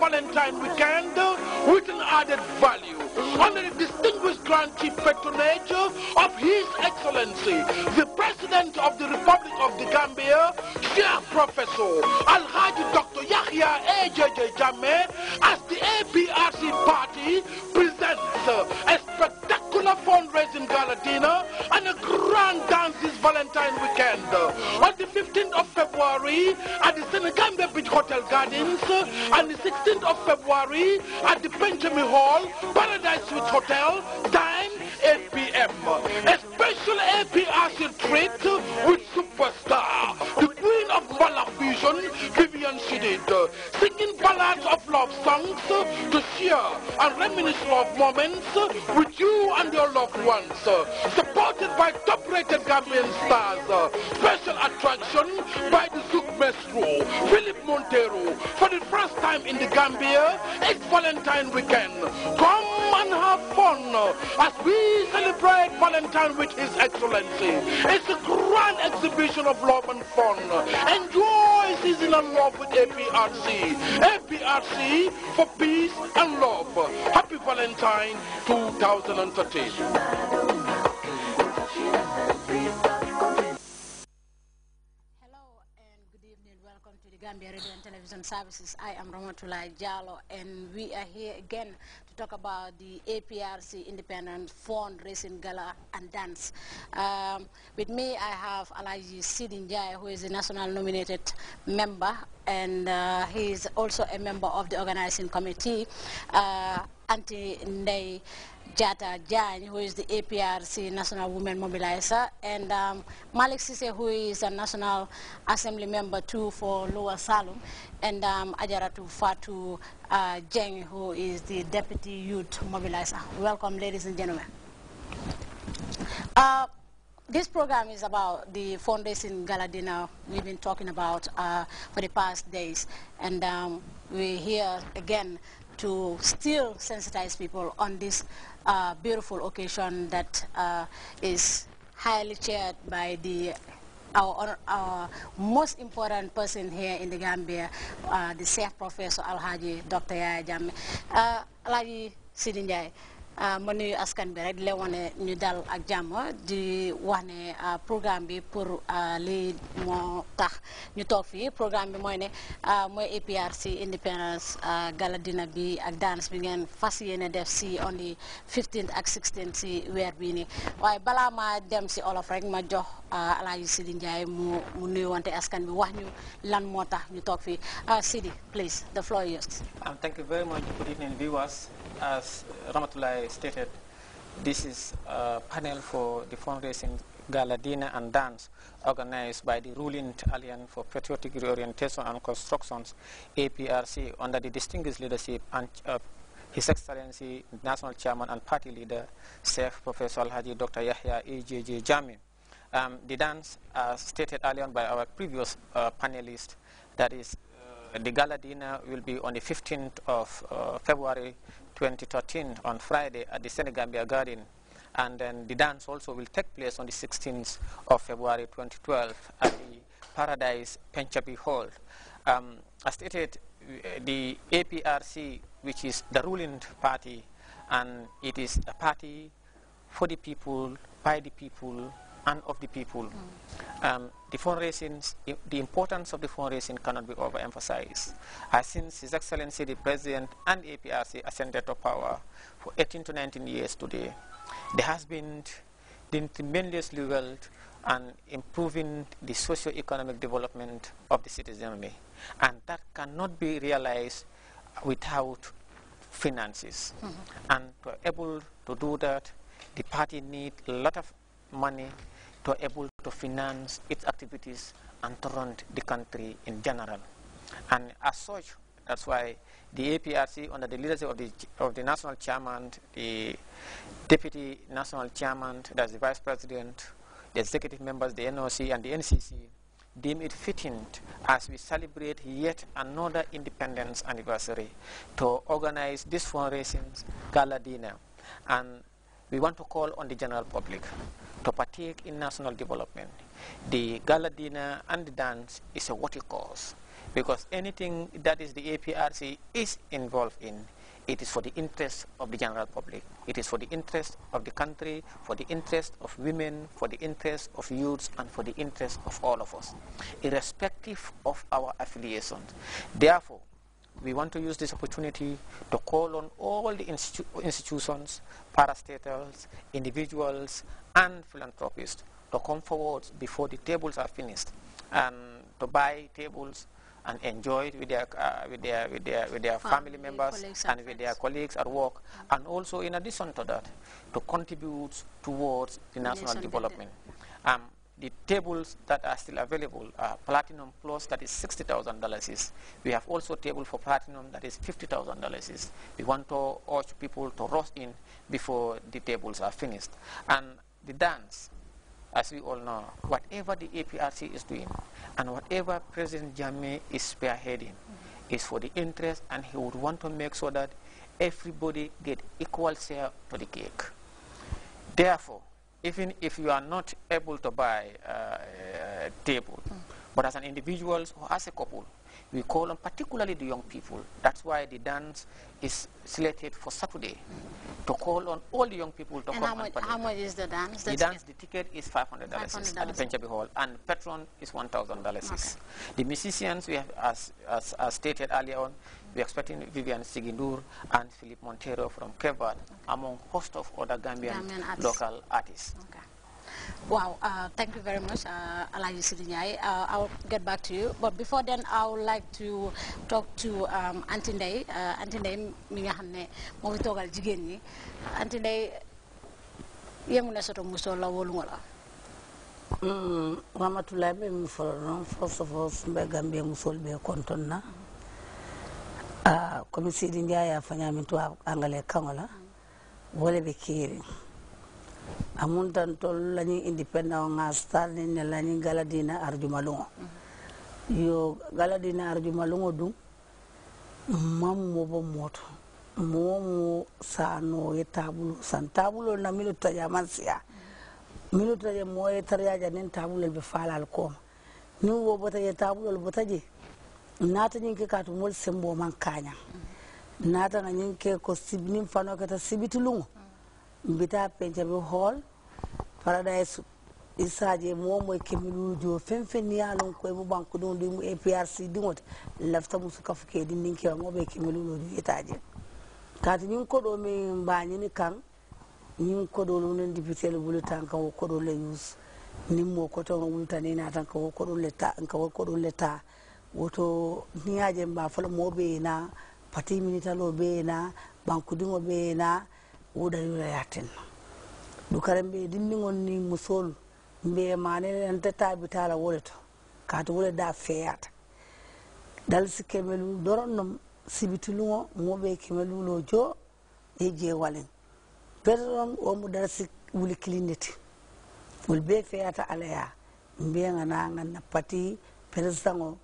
Valentine weekend with an added value under the distinguished Grand Chief patronage of His Excellency, the President of the Republic of the Gambia, Sheikh Professor Alhaji Dr. Yahya A.J.J. Jame, as the ABRC party presents a spectacular fundraising gala dinner and a grand dance this Valentine weekend on the 15th of February at the Senegal Hotel Gardens, and the 16th of February at the Benjamin Hall, Paradise Suite Hotel, time 8 p.m. A special APRC treat with superstar, the queen of ballad fusion, Vivian Shidid, singing ballads of love songs to share and reminisce of moments with you and your loved ones. Supported by top-rated Gambian stars special attraction by the Zouk Maestro, Philip Montero, for the first time in the Gambia, it's Valentine weekend. Come and have fun as we celebrate Valentine with His Excellency. It's a grand exhibition of love and fun. Enjoy seasonal love with APRC. APRC for peace and love. Happy Valentine 2013. Gambia Radio and Television Services. I am Ramatulai Jalo and we are here again to talk about the APRC Independent Fund Racing Gala and Dance. Um, with me I have Alaji Sidinjai who is a national nominated member and uh, he is also a member of the organizing committee. Uh, Anti-Ndei Jata Jan, who is the APRC National Women Mobilizer, and um, Malik Sise, who is a National Assembly member too for Lower Salum, and um, Ajaratu Fatu uh, Jeng, who is the Deputy Youth Mobilizer. Welcome, ladies and gentlemen. Uh, this program is about the fundraising gala dinner we've been talking about uh, for the past days, and um, we're here again to still sensitize people on this uh, beautiful occasion that uh, is highly chaired by the our, our, most important person here in the Gambia, uh, the Chief Professor Alhaji Dr. Yaya Jammeh. Uh, Alhaji Sidinjai, Euh, ma nuyu askan bi rek di wane ñu dal ak jàmm di wax ne euh, programme bi pour euh, li moo tax ñu toog fii programme bi mooy ne mooy APRC independence gala dina bi ak dance bi ngeen fas yéene def si on the ak 16 si weer bii nii waaye balaa ma dem si olof rek ma jox Alaaji Sidi Ndiaye mu mu nuy wante askan bi wax ñu lan moo tax ñu toog fii Sidi please the floor is um, you as Ramatullah stated, this is a panel for the fundraising gala dinner and dance organized by the ruling Alliance for Patriotic Reorientation and Constructions, APRC, under the distinguished leadership and uh, his Excellency, National Chairman and Party Leader, Chef Professor Alhaji Dr. Yahya E.J.J. Jami. Um, the dance, as stated earlier by our previous uh, panelist, that is, uh, the gala dinner will be on the 15th of uh, February 2013 on Friday at the Senegambia Garden. And then the dance also will take place on the 16th of February 2012 at the Paradise Penchapi Hall. Um, as stated, the APRC, which is the ruling party, and it is a party for the people, by the people, and of the people. Mm. Um, the fundraising, the importance of the fundraising cannot be overemphasized. since His Excellency the President and APRC ascended to power for 18 to 19 years today, there has been the tremendous result and improving the socio-economic development of the citizenry. And that cannot be realized without finances. Mm -hmm. And to be able to do that, the party needs a lot of money to able to finance its activities and to run the country in general. And as such, that's why the APRC, under the leadership of the, of the national chairman, the deputy national chairman, that's the vice president, the executive members, the NOC, and the NCC, deem it fitting as we celebrate yet another independence anniversary to organize this fundraising gala dinner. And we want to call on the general public to partake in national development, the gala dinner and the dance is a worthy cause because anything that is the APRC is involved in, it is for the interest of the general public. It is for the interest of the country, for the interest of women, for the interest of youths, and for the interest of all of us, irrespective of our affiliations. Therefore, we want to use this opportunity to call on all the institu institutions, parastatals, individuals, and philanthropists to come forward before the tables are finished and to buy tables and enjoy it with their, uh, with their, with their, with their family, members and, and with their colleagues at work. Mm -hmm. And also, in addition to that, to contribute towards the national development. Um, the tables that are still available are platinum plus that is $60,000 We have also table for platinum that is $50,000 We want to urge people to rush in before the tables are finished. And the dance, as we all know, whatever the APRC is doing and whatever President Jammeh is spearheading mm -hmm. is for the interest and he would want to make sure that everybody get equal share to the cake. Therefore, even if you are not able to buy uh, a table, mm. but as an individual or as a couple, we call on particularly the young people. That's why the dance is slated for Saturday to call on all the young people to and come how much, and How much is the dance? The, the dance, the ticket is $500, $500. at the Penchabi Hall, and patron is $1,000. Okay. The musicians, we have, as, as, as stated earlier on, we're expecting Vivian Sigindur and Philip Montero from Kevard, okay. among host of other Gambian, Gambian artists. local artists. Okay. Wow, uh, thank you very much, uh, uh, get back to you. But before then, I would like to talk to um, Auntie Ndeye. Uh, Auntie Ndeye, nga xam ne moo fi toogal jigéen ñi. Auntie Ndeye, yëngu na soto muso la wóolu nga la. Wamatulaay mm, be mi folo noon first of all sumbe Gambie musol be konton na. Uh, comme Sidi Ndiaye a fañamin tubaab kaŋo la. Wole be kiiri. amuntan tol lañi independent nga stalni ne lañi galadina arjumalungo yo galadina arjumalungo dum mam mobo moto momo sano ye tabulo san tabulo na milo taja man siya milo mo ye taryaja nin tabulo be fala al ni wo bota ye tabulo bota je nata nyin ke katu mol sembo man kanya nata nyin ke ko sibnin fano kata sibitulungo mm -hmm. mbita penca mi hool paradise isaje moom moy kemi lujo fen fen ni yalon koy mu banque don du mu APRC dingote lafta musu kafuke din nin kewa ngobe kemi lulo du itaje kati ñun kodo mi mbañi ni kan kodo lu nen député le bulu kodo le yus nim wul tan ina tan kodo le ta woto ni aje mba fala mo be na pati minita lo be na banque dingo be na uɗayunayaten ɗu kara mbe dindigol ni musol mbe manene anta tabitala wole to kata wole da feyata dal si kemelu doron nom sibitilugo moɓe kemelulo jo e jewalen pete ɗon omo dal si wuli kilinete wol be feyata alaya mbiyaga naganna pati président o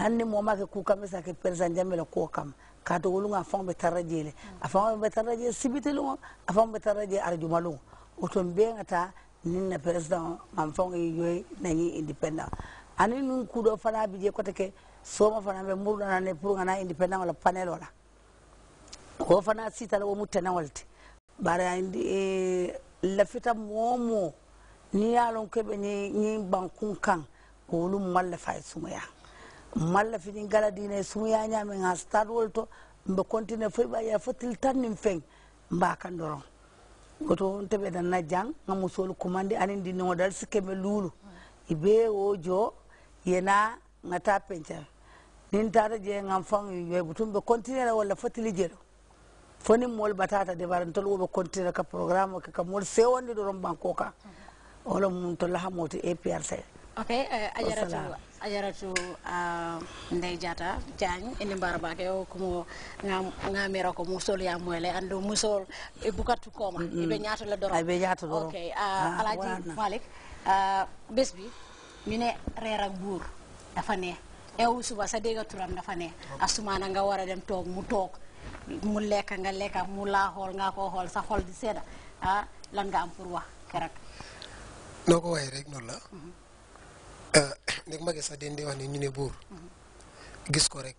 hanni momake ku kamɓe sake président jamela ko kam kato wolu nga fon be taraje le afon be taraje sibitelu afon be taraje arjumalu oton be ngata nin na president man yue yoy nani independent ani nun kudo fana bi je kote ke soma fana be murdo na ne pour ngana independent wala panel wala ko fana sitala wo mutena walte bara indi e lafita momo ni yalon kebe ni ni bankun kan ko lu mallafa sumaya malla finin gala dine sumu ya ñamen ha stade wolto mbe continue fo ɓa yeya fotil tan nin feŋ mba kan doron woto on teɓe dan jang ga musolu kumandi anin dinnogo dal sikkeme luulu ibe wo jo yena ga ta pencar nin tata je gam fan yoy butum ɓe continue la walla fotili jeɗo fonin mool batata debarantol woɓe continue ka programme ke ka mool sewonde ɗoron banko ka olo mum to lahamoto aprc ok eh, ajaratu ajaratu ah, Ndeye Diatta Diagne ini mbarabake o komo ngamira ko musol ya moyle ando musol e bukatu koma ibe ñaato la doro ibe ñaato doro ok ah, ah, alaaji Malick bés bi ñu ne reer ak buur dafa ne ew suba sa dégga turam dafa ne asumaana nga war a dem toog mu toog mu lekk nga lekka mu laa xool nga koo xool sa xol di sedda ah lan nga am pour wax keroog noo ko waaye rek noonu la mm-hmm. ndeg magi sax den di wax ne ñu ne buur gis ko rek